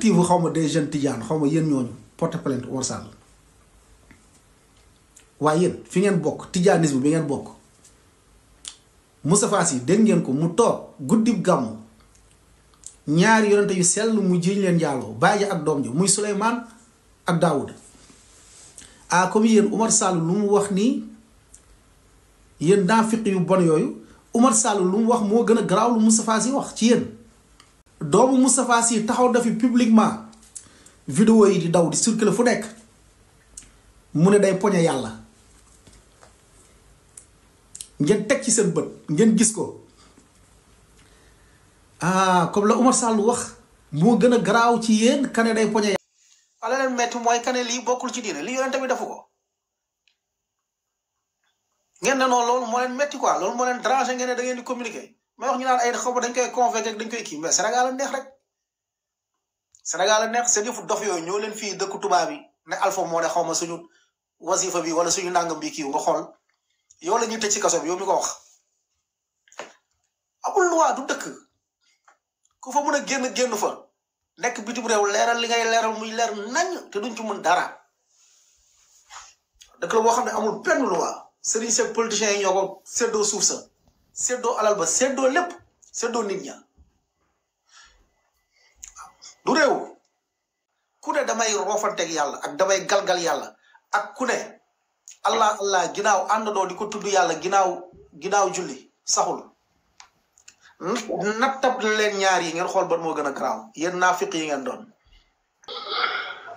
collectif xaw ma des jeunes Tidjane xaw ma yéen ñooñu porte plainte Omar Sall waaye yéen fi ngeen bokk Tidjanisme bi ngeen bokk Moustapha Sy dégg ngeen ko mu toog guddib gàmm ñaari yonente yu sell mu jiñ leen njaaloo bàyyi ak doom ji muy Souleymane ak Daoud ah comme yéen Omar Sall lu mu wax nii daa naafiq yu bon yooyu Omar Sall lu mu wax moo gën a garaaw lu Moustapha Sy wax ci yéen. doomu Moustapha Sy taxaw na publiquement video yi di daw di circuler fu nekk mu ne day poñe yàlla ngeen teg ci seen bët ngeen gis ko ah comme la Oumar Sall wax moo gën a garaaw ci yéen kane day poñe yàlla wala leen metti mooy kane lii bokkul ci diine li yonent bi defu ko ngeen ne noonu loolu moo leen metti quoi loolu moo leen déranger ngeen ne da di communiquer may wax ñu naan ay xaw ma dañ koy convaincre dañ koy kii mais Sénégal la neex rek Sénégal la neex seen yëfu dof yooyu ñoo leen fii dëkk tubaab yi ne Alpha moo ne xaw ma suñu wasifa bi wala suñu nangam bi kii nga xool yow la ñuy tëj ci kaso bi yow mi ko wax. amul loi du dëkk ku fa mën a génn génn fa nekk bitim réew leeral li ngay leeral muy leer nañ te duñ ci mën dara dëkk la boo xam ne amul benn loi sëriñ seen politiciens yi ñoo ko séddoo suuf sa. séddoo alal ba séddoo lépp séddoo nit ña du réew ku damay roofanteeg yàlla ak damay galgal yàlla ak ku ne allah allah ginnaaw àndandoo di ko tudd yàlla ginnaaw ginnaaw julli saxul nattab leen ñaar yi ngeen xool ban moo gën a garaaw yéen naafiq yi ngeen doon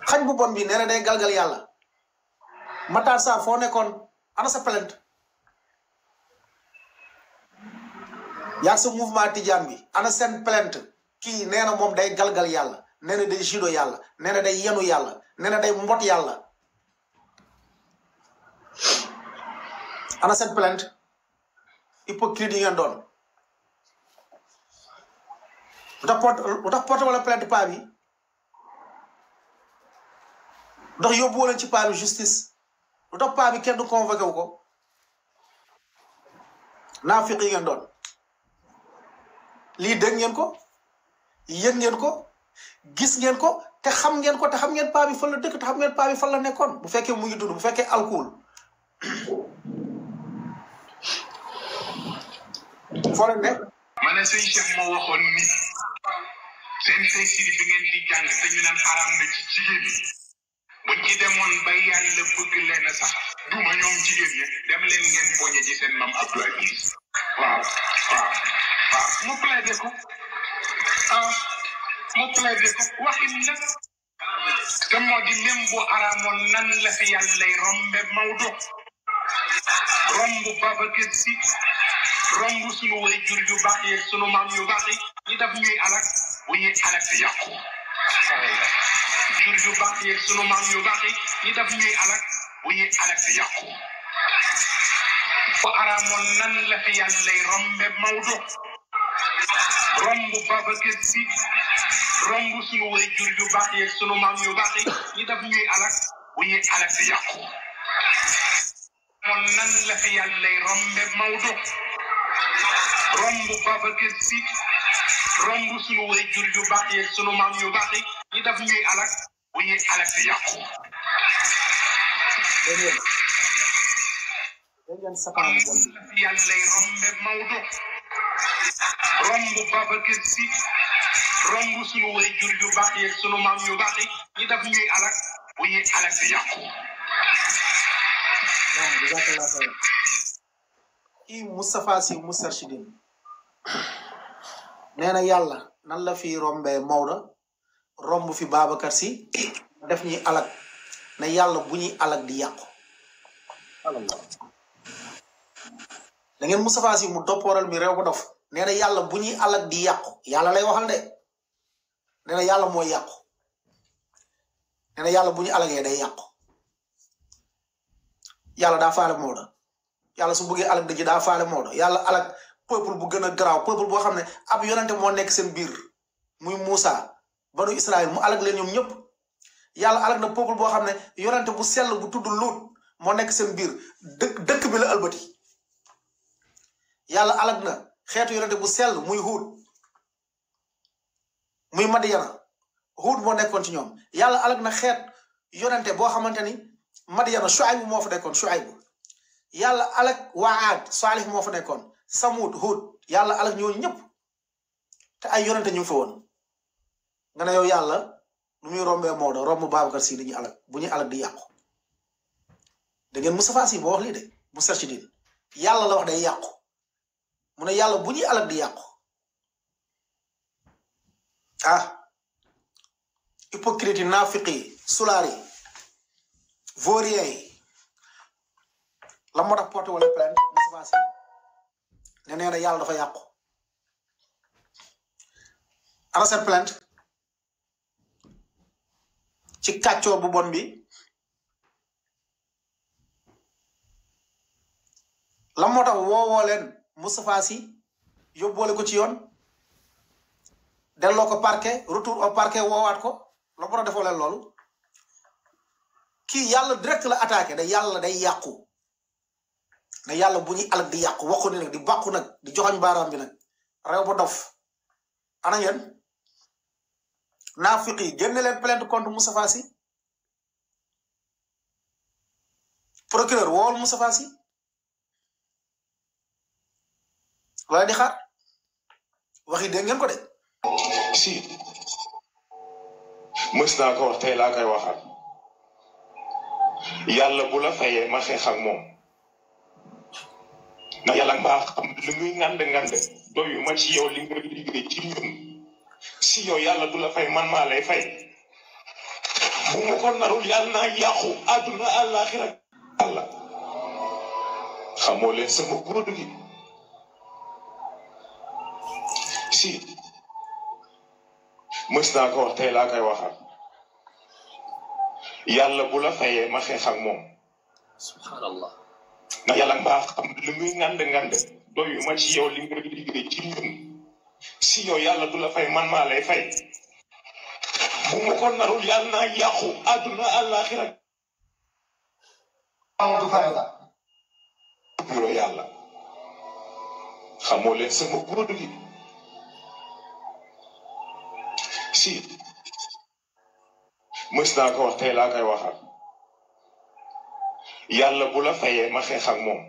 xañ bu bon bi nee na day galgal yàlla mataar saa foo nekkoon ana sa plainte yaa sa mouvement tijaan bi ana seen plainte kii nee na moom day galgal yàlla nee na day judo yàlla nee na day yenu yàlla nee na day mbot yàlla ana seen plainte hypocrite yi ngeen doon lu tax porte lu tax porte wala plainte paa bi yóbbuwoo leen ci paa bi justice lu tax bi kenn du convoqué wu ko naafiq yi ngeen doon lii dégg ngeen ko yëg ngeen ko gis ngeen ko te xam ngeen ko te xam ngeen paa bi dëkk te xam ngeen paa bi fan la nekkoon bu fekkee mu ngi dund bu fekkee alcool foo ne. ma ne sëñ Cheikh moo waxoon ni seen sëy siri bi ngeen di jàng te ñu naan xaram na ci jigéen ñi buñ ci demoon jigéen ñi dem leen ngeen poñe ci seen mam Abdou Aziz waaw waaw. mu plaidé ko ah waxin la te moo di même bu araamoon nan la fi yàlla lay rombe Maodo romb Babacar Sy romb sunu waajur yu baax yi sunu maam yu baax yi ñi daf ñuy alak bu ñuy alak yàqu jur yu baax yi sunu maam yu baax yi ñi daf ñuy alak bu ñuy alak yàqu bu araamoon nan la fi yàlla lay rombe Maodo romb Babacar Si romb sunu way jur yu baax yeeg sunu maam yu yi ñi daf ñuy alak bu ñuy alak di yàqu moom nan la fi yàllay rombe Maodo romb Babacar Si romb sunu way jur yu sunu maam yu baax yi ñi daf ñuy alak bu ñuy alak di yàqu yàllay rombe Maodo romb Babacar Sy romb sunu way jur yu baax yeeg sunu maam yu baax yi yàqu. kii Moustapha Sy na yàlla nan la fi rombee Maodo romb fi Babacar Sy def ñuy alak ne yàlla bu ñuy alak di yàqu. da ngeen Moustapha mu doppooral mi réew ko dof. nee na yàlla bu ñuy alak di yàqu yàlla lay waxal de nee yàlla mooy yàqu nee yàlla bu ñu alagee day yàqu yàlla daa faale Maodo yàlla su bëggee alak dëgg daa faale Maodo yàlla alak peuple bu gën a garaaw peuple boo xam ne ab yonente moo nekk seen biir muy Moussa banu Israël mu alak leen ñoom ñëpp yàlla alak na peuple boo xam ne yonente bu sell bu tudd Luut moo nekk seen biir dëkk dëkk bi la albati yàlla alak na. xeetu yonente bu sell muy Huud muy Madiyana Huud moo nekkoon ci ñoom yàlla alag na xeet yonente boo xamante ni Madiyana Shuaybu moo fa nekkoon Shuaybu yàlla alag waa moo fa nekkoon Samud Huud yàlla alag ñooñu ñëpp te ay yonente ñu ngi nga ne yow yàlla nu muy rombee Maodo romb Babacar Si dañuy alag bu ñu alag di yàqu da ngeen Moustapha Sy moo wax lii de mu serci diin yàlla la wax day yàqu mu ne yàlla bu ñuy alal di yàqu ah hypocrite yi naafiq yi sulaar yi porte wala plainte mosavancé ne yàlla dafa yàqu ana seen plainte ci kàccoor bu bon bi la moo Moustapha Sy yóbbuwale ko ci yoon delloo ko parquet retour au parquet woowaat ko la a defoole leen loolu kii yàlla direct la attaqué da yàlla day yàqu da yàlla bu ñuy alal di yàqu waqu ni di bàqu nag di joxañ baaraam bi nag réew ba dof ana ngeen naafiq yi génne leen plainte contre Moustapha Sy procureur wool Moustapha Sy wala di xaar waxi dégg ngeen de. si mës naa ko wax tey laa yàlla bu la fayee ma xeex ak moom ndax yàlla mbaa xam lu muy ngande ngande doyu ma ci yow li nga ci ñun si yow yàlla bu la fay man maa lay fay bu ma ko narul yàlla naa yàqu àdduna àllaaxira àlla xamoo leen sama produit. si mës naa ko wax tey yàlla bu la ma xeex moom. subhanallah. ndax yàlla mbaa xam lu muy ngand ngand doyu ma ci yow li nga liggéey ci ñun si yow yàlla du la fay man maa lay fay. bu ma ko narul yàlla naa yàqu àdduna àllaaxira. amatu farata. yàlla xamoo leen sama góor gi. si mës naa ko wax tey laa yàlla bu la fayee ma xeex moom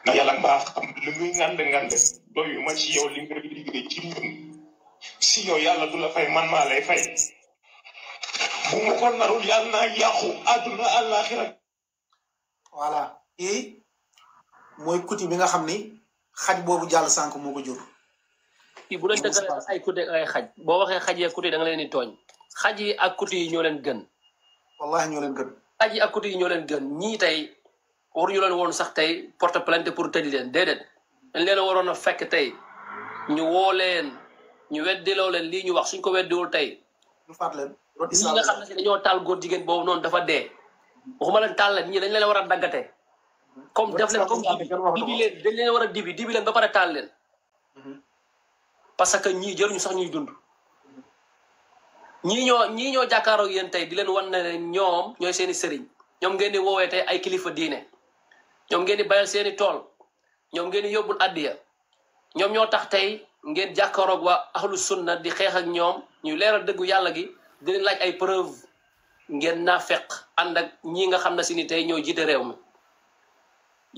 ndax yàlla mbaa xam lu muy ngand ngand doyu ma ci yow li nga liggéey ci ñun yàlla du la fay man maa lay fay bu ma ko narul yàlla naa yàqu àdduna àllaaxira voilà kii mooy kuti bi nga xam ni xaj boobu jàll sànk moo ko jur fii bu doon dëggalee ay kuti ay xaj boo waxee xaj yi ak kuti da nga leen di tooñ. xaj ak kuti yi ñoo leen gën. wallaahi ñoo leen gën. xaj yi ak yi ñoo leen gën ñii tey waruñu leen woon sax tey porte plainte pour tëj leen déedéet dañ leen waroon a fekk tey ñu woo leen ñu weddiloo leen lii ñu wax suñ ko weddiwul tey. ñu faat leen ñi nga xam ne si dañoo taal góor jigéen boobu noonu dafa dee. waxuma leen taal leen ñii dañ leen war a daggate. comme def leen comme dibi leen dañ leen war a dibi dibi leen ba pare taal leen mhm. parce que ñii jëruñu sax ñuy dund ñii ñoo ñii ñoo jàkkaaroog yéen tey di leen wan ne ñoom ñooy seeni sëriñ ñoom ngeen di woowee tey ay kilifa diine ñoom ngeen di bayal seeni tool ñoom ngeen di yóbbul àddiya ñoom ñoo tax tey ngeen jàkkaaroog waa ahlu na di xeex ak ñoom ñu leeral dëggu yàlla gi di leen laaj ay preuve ngeen naa feq ànd ak ñii nga xam ne si ni tey ñoo jiite réew mi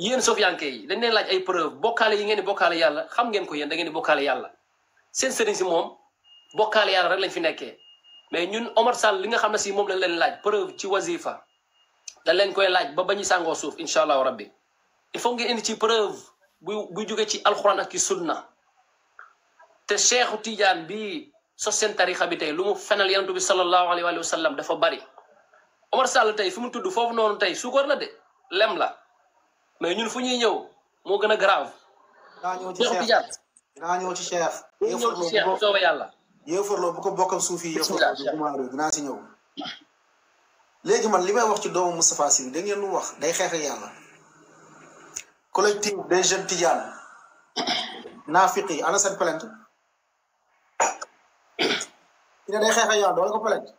yéen sofiyanke yi dañ leen laaj ay preuve bokkaale yi ngeen di bokkaale yàlla xam ngeen ko yéen da ngeen di yàlla seen sëriñ si moom bokkaal yàlla rek lañ fi nekkee mais ñun omor Sall li nga xam ne si moom lañ leen laaj preuve ci wasifa dañ leen koy laaj ba ba ñu sàngoo suuf incha allahu rabbi il faut ngeen indi ci preuve bu bu jóge ci alxuraan ak ci sunna te Cheikhu Tidiane bi sos seen tarixa bi tey lu mu fenal yonent bi sallallahu alayhi wa sallam dafa bari omor Sall tey fi mu tudd foofu noonu tey suukar la de lem la mais ñun fu ñuy ñëw moo gën a grave. Cheikh Tidiane dinaa ñëw ci Cheikh. dinaa ñëw ci Cheikh sooba yàlla. yéefarloo ko bokkam suuf yi yéefarloo bu gumaaroo dinaa ci ñëw. léegi man li may wax ci doomu Moustapha Sy da ngeen lu wax day xeex ak yàlla. collectif des jeunes tidiane. naafiq ki day xeex yàlla doole ko plainte.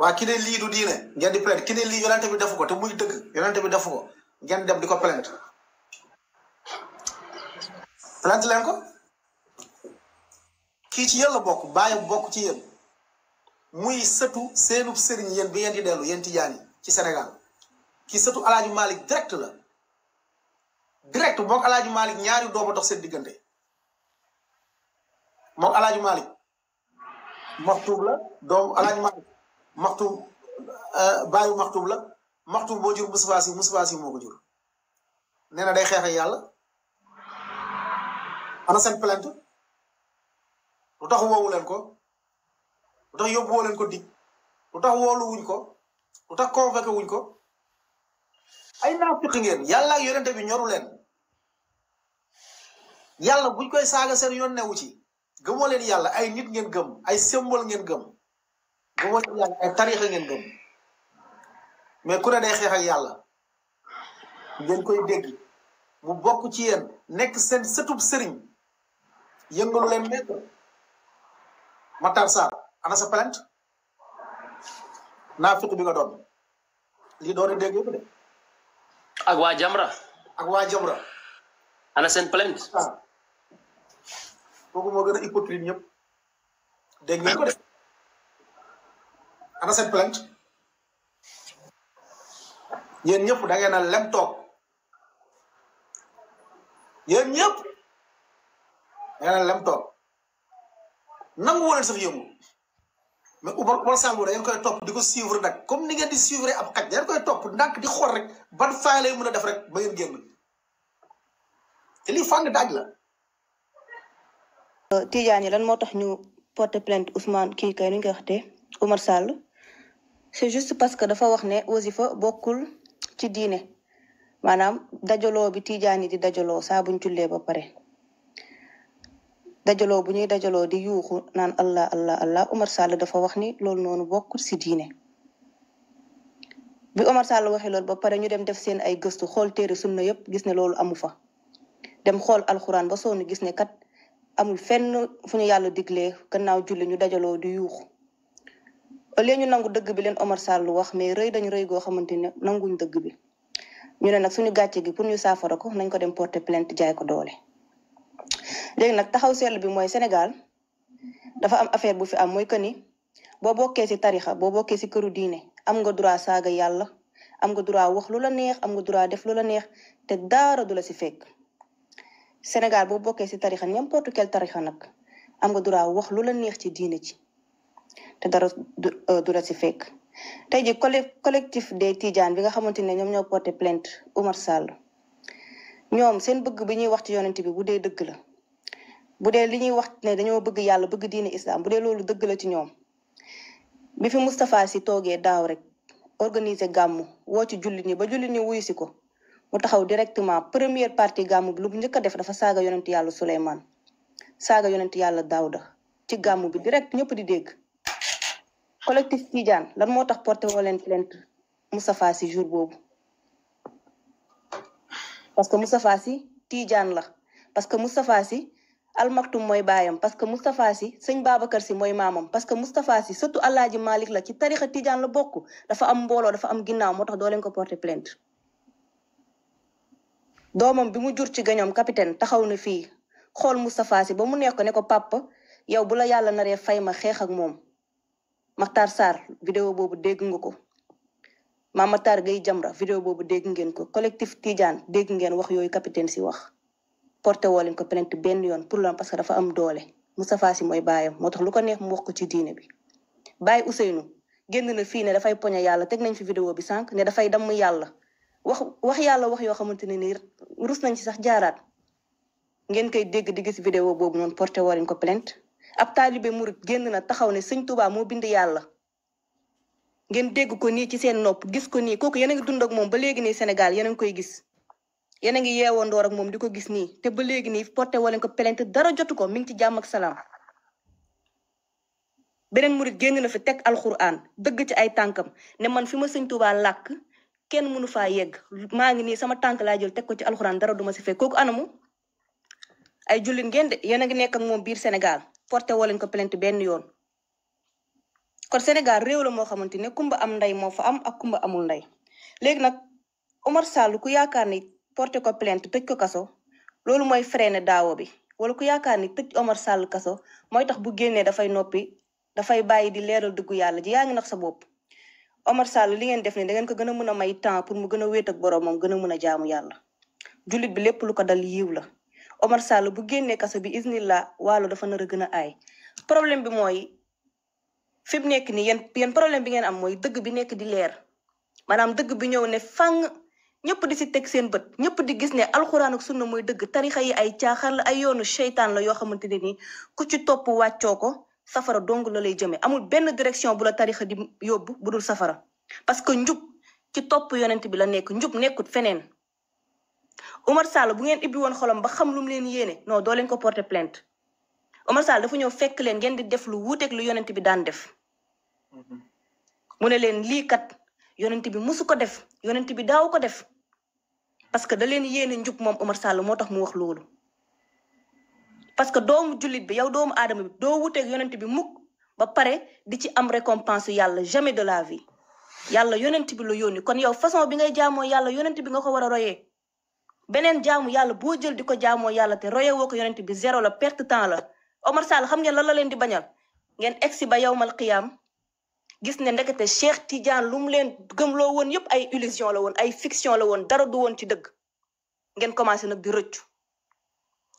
waa ki ne lii du diine ngeen di plainte ki ne lii yonente bi defu ko te muy dëgg yonente bi defu ko ngeen dem di ko plainte. plainte leen ko kii ci yéen la bokk bàyyi bokk ci yéen muy sëtu seenub sëriñ yéen bi ngeen di dellu yéen tijaan yi ci senegal kii sëtu Alaaji Malick direct la direct mook Alaaji Malick ñaari doom a dox seen diggante mook Alaaji Malick maxtuub la doom Alaaji Malick maxtuub euh, bàyyu maxtuub la maxtuub boo jur Moustapha moo ko jur nee day xeex yàlla ana seen plainte lu tax woowu leen ko lu tax yóbbuwoo ko dig lu tax woolu ko lu tax convoqué wuñ ko ay naafiq ngeen yàlla ak yonente bi ñoru leen yàlla buñ koy saaga seen yoon newu ci gëmoo leen yàlla ay nit ngeen gëm ay symbole ngeen gëm gëmoo leen ay tarixa ngeen gëm mais ku ne day xeex ak yàlla ngeen koy dégg mu bokk ci yéen nekk seen sëtub sëriñ yëngalu leen nekk Matar Sarr ana sa plainte naa fiq bi nga doon lii doon dégg yëpp de ak waa Jamra ak waa Jamra ana seen plainte ah. kooku moo gën a hypocrite ñëpp dégg ngeen ko de ana seen plainte yéen ñëpp da a lem toog yéen nee na lem toog nanguwoo leen sax yëngu mais Umar Umar Sambou da ngeen koy topp di ko suivre nag comme ni ngeen di suivre ab xaj da ngeen koy topp ndànk di xool rek ban faay lay a def rek ba ngeen génn te lii fàng daaj la. Euh, Tidjane yi lan moo tax ñu porter plainte Ousmane kii kay nu ñu koy waxatee Umar Sall c'est juste parce que dafa wax ne fa bokkul ci diine maanaam dajaloo bi tiijaan yi di dajaloo saa buñ jullee ba pare. dajaloo bu ñuy dajaloo di yuuxu naan allah allah allah Omar Sall dafa wax ni loolu noonu bokk si diine bi Omar Sall waxee lool ba pare ñu dem def seen ay gëstu xool téere na yëpp gis ne loolu amu fa dem xool alxuraan ba sonn gis ne kat amul fenn fu ñu yàlla diglee gannaaw julli ñu dajaloo di yuuxu au lieu ñu nangu dëgg bi leen Omar Sall wax mais rëy dañu rëy goo xamante ne nanguñ dëgg bi ñu ne nag suñu gàcce gi pour ñu saafara ko nañ ko dem porter plainte jaay ko doole léegi nag taxaw seetlu bi mooy Sénégal dafa am affaire bu fi am mooy que ni boo bokkee ci tarixa boo bokkee ci këru diine am nga droit saaga yàlla am nga duraa wax lu la neex am nga droit def lu la neex te daara du la ci fekk Sénégal boo bokkee ci tarixa n'importe quel nag am nga droit wax lu la neex ci diine ci te dara du euh, la fekk tey ji collectif des Tidjane bi nga xamante ne ñoom ñoo porté plainte Oumar Sall ñoom seen bëgg bi ñuy wax ci yonent bi bu dee dëgg la bu dee li ñuy wax ne dañoo bëgg yàlla bëgg diine islam bu dee loolu dëgg la ci ñoom bi fi mustafaa si toogee daaw rek organiser gàmmu woo ci jullit ñi ba julli ñi wuyu si ko mu taxaw directement première partie gàmmu bi lu mu njëkk a def dafa saaga yonent yàlla Souleymane saaga yonent yàlla Daouda ci gàmmu bi direct ñëpp di dégg. collectif Tidiane lan moo tax porté woo leen plainte Moustapha Sy jour boobu parce que Moustapha Sy Tidiane la parce que Moustapha almaktum mooy baayam parce que Moustapha Sy sëñ Babacar Sy mooy maamam parce que Moustapha Sy surtout Alaaji Malick la ci tarixa Tijaan la bokk dafa am mbooloo dafa am ginnaaw moo tax doo leen ko porter plainte doomam bi mu jur ci gañoom capitaine taxaw na fii xool Moustapha si ba mu nekk ne ko pàpp yow bu la yàlla na naree fay ma xeex ak moom Makhtar Sarr vidéo boobu dégg nga ko Mame Makhtar Gueye Jamra vidéo boobu dégg ngeen ko collectif Tijaan dégg ngeen wax yooyu capitaine si wax porté woo leen ko plainte benn yoon pour lan parce que dafa am doole Moustapha Sy mooy baayam moo tax lu ko neex mu wax ko ci diine bi Baye Ousseynou génn na fii ne dafay poñe yàlla teg nañ fi vidéo bi sànq ne dafay damm yàlla wax wax yàlla wax yoo xamante ne ni rus nañ ci sax jaaraat ngeen koy dégg di gis vidéo boobu noonu porté woo ko plainte ab taalibe murit génn na taxaw ne sëñ Tuubaa moo bind yàlla ngeen dégg ko nii ci seen nopp gis ko nii kooku yéen a dund ak moom ba léegi nii Sénégal yéen a koy gis yéen a ngi yeewoo ndoor ak moom di ko gis nii te ba léegi nii porté wala ko plainte dara jotu ko mi ngi ci jàmm ak salaam. beneen murit génn na fi teg alxuraan dëgg ci ay tànkam ne man fi ma sëñ Tuubaa làkk kenn mënu faa yegg maa ngi nii sama tànk laa jël teg ko ci alxuraan dara duma si fekk anamu. ay jullit ngeen yéen ngi nekk ak moom biir Sénégal porté woo ko plainte benn yoon kon senegal réew la moo xamante ne kumba am ndey moo fa am ak kumba amul ndey léegi nag Omar Sall ku yaakaar ni porté ko plainte tëj ko kaso loolu mooy freiné daawo bi wala ku yaakaar ni tëj Omar Sall kaso mooy tax bu génnee dafay noppi dafay bàyyi di leeral dugg yàlla ji yaa ngi sa bopp Omar Sall li ngeen def ne da ngeen ko gën a mën a may temps pour mu gën a wéet ak gën a mën a jaamu yàlla jullit bi lépp lu ko dal yiw la Omar Sall bu génnee kaso bi isnillah waalo dafa nar a gën a aay problème bi mooy fi mu nekk nii yéen yéen problème bi ngeen am mooy dëgg bi nekk di leer maanaam dëgg bi ñëw ne fang ñëpp di si teg seen bët ñëpp di gis ne alxuraan ak sunna mooy dëgg tarixa yi ay caaxaan ay yoonu seytaan la yoo xamante ne nii ku ci topp wàccoo ko safara dong la lay jëmee amul benn direction bu la tarixa di yóbbu bu dul safara parce que njub ci topp yonent bi la nekk njub nekkut feneen Umar Sall bu ngeen ibbi woon xolam ba xam lu leen yéene non doo leen ko porter plainte Umar Sall dafa ñëw fekk leen ngeen di def lu wuuteeg lu yonent bi daan def mhm. mu ne leen lii yonent bi musu ko def yonent bi daaw ko def parce que da leen yéene njub moom Omar Sall moo tax mu wax loolu parce que doomu julit bi yow doomu aadama bi doo wuteeg yonent bi mukk ba pare di ci am récompense yàlla jamais de la vie yàlla yonent bi la yónni kon yow façon bi ngay jaamoo yàlla yonent bi nga ko war a royee beneen jaamu yàlla boo jël di ko jaamoo yàlla te royee woo ko yonent bi zéro la perte temps la Omar Sall xam ngeen lan la leen di bañal ngeen egsi ba yowmal qiyaam gis ne ndekete Cheikh Tidiane lu mu leen gëmloo woon yëpp ay illusion la woon ay fiction la woon dara du woon ci dëgg ngeen commencé nag di rëccu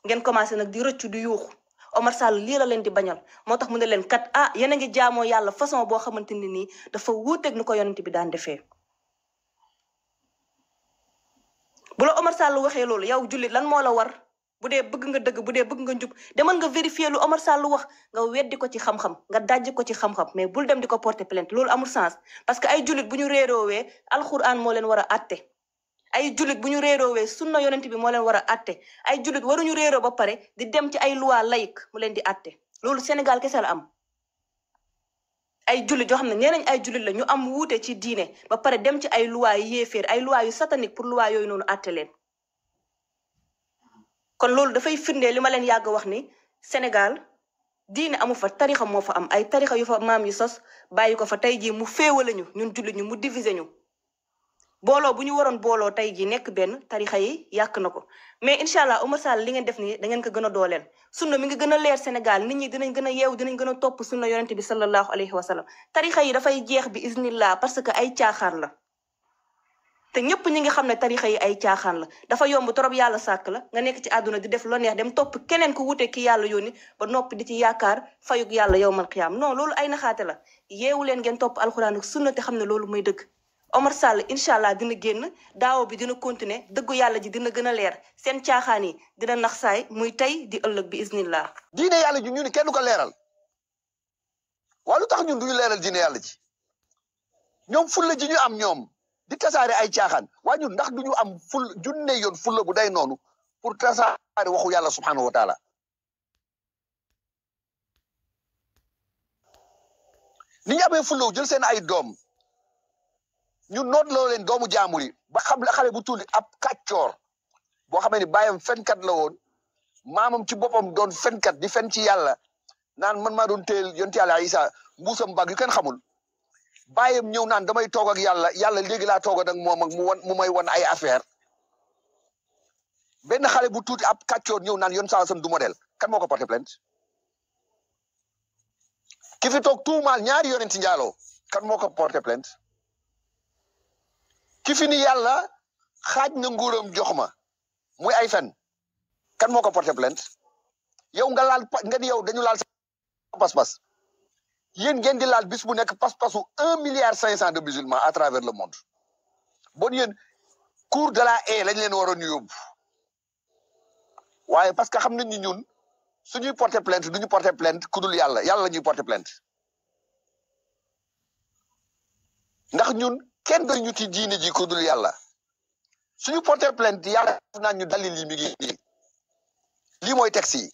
ngeen commencé nag di rëccu di yuuxu Omar Sall lii la leen di bañal moo tax mu ne leen kat ah yéen a ngi jaamoo yàlla façon boo xamante ne nii dafa wuuteeg nu ko yonent bi daan defee. bu la Omar lu waxee loolu yow jullit lan moo la war. bu dee bëgg nga dëgg bu dee bëgg nga njub demal nga vérifier lu Omar Sall wax nga weddi ko ci xam-xam nga dajj ko ci xam-xam mais bul dem di ko porter plainte loolu amul sens parce que ay jullit bu ñu réeroowee alxuraan moo leen war a àtte ay jullit bu ñu réeroowee sunna yonent bi moo leen war a àtte ay jullit ñu réeroo ba pare di dem ci ay loi laïque mu leen di atte loolu Sénégal kese la am ay jullit yoo xam ne nee ay jullit la ñu am wute ci diine ba pare dem ci ay loi yu yéeféer ay loi yu satanique pour loi yooyu noonu àtte leen kon loolu dafay firndee li ma leen yàgg wax ni Sénégal diine amu fa tarixa moo fa am ay tarixa yu fa maam yu sos bàyyi ko fa tey ji mu féewale ñu ñun julli ñu mu diviser ñu booloo bu ñu waroon booloo tey jii nekk benn tarixa yi yàq na ko mais incha allah Oumar Sall li ngeen def nii da ngeen ko gën a dooleel sunna mi ngi gën a leer Sénégal nit ñi dinañ gën a yeew dinañ gën a topp sunna yonente bi sallallahu alayhi wa sallam tarixa yi dafay jeex bi iznillah parce que ay caaxaar la te ñëpp ñu ngi xam ne tarixa yi ay caaxaan la dafa yomb trop yàlla sàkk la nga nekk ci àdduna di def lu dem topp keneen ku wute ki yàlla yónni ba noppi di ci yaakaar fayug yàlla yowmal xiyaam noo loolu ay naxaate la yeewu leen ngeen topp alxuraan ak sunna te xam ne loolu mooy dëgg Omar Sall incha allah dina génn daawo bi dina continuer dëggu yàlla ji dina gën a leer seen caaxaan yi dina nax saay muy tey di ëllëg bi isnillah diine yàlla ji ñu ni ko leeral waaye lu tax ñun duñu leeral ñoom fulla ji ñu am ñoom di tasaare ay caaxaan waa ñun ndax du ñu am ful junne yoon fulla bu day noonu pour tasaare waxu yàlla subhanahu wa taala ni ñu amee fulla jël seen ay doom ñu noot loo leen doomu jaamur yi ba xam xale bu tuuli ab kàccoor boo xamee ni bàyyam fenkat la woon maamam ci boppam doon fenkat di fen ci yàlla naan man maa doon téel yonti yàlla isa mbuusam bag yu kenn xamul bàyyam ñëw naan damay toog ak yàlla yàlla léegi laa toog ak moom ak mu wan mu may wan ay affaire benn xale bu tuuti ab kàccoor ñëw naan yoon saa sam du modèle kan moo ko porté plainte ki fi toog tuumaal ñaari yonent njaaloo kan moo ko porté plainte ki fi ni yàlla xaaj na nguuram jox ma muy ay fen kan moo ko porté plainte yow nga laal nga ni yow dañu laal sa yéen ngeen di laal bis bu nekk pas-pasu un milliard cinq cent de musulmans à travers le monde bon yéen cour de la haie lañ leen waroon yóbbu waaye parce que xam nañ ni ñun suñuy porter plainte du ñu porte plainte ku dul yàlla yàlla la ñuy porter plainte ndax ñun kenn doy ñu ci diine ji ku dul yàlla suñu porter plainte yàlla def naa ñu dalil yi mi ngi nii lii mooy texte yi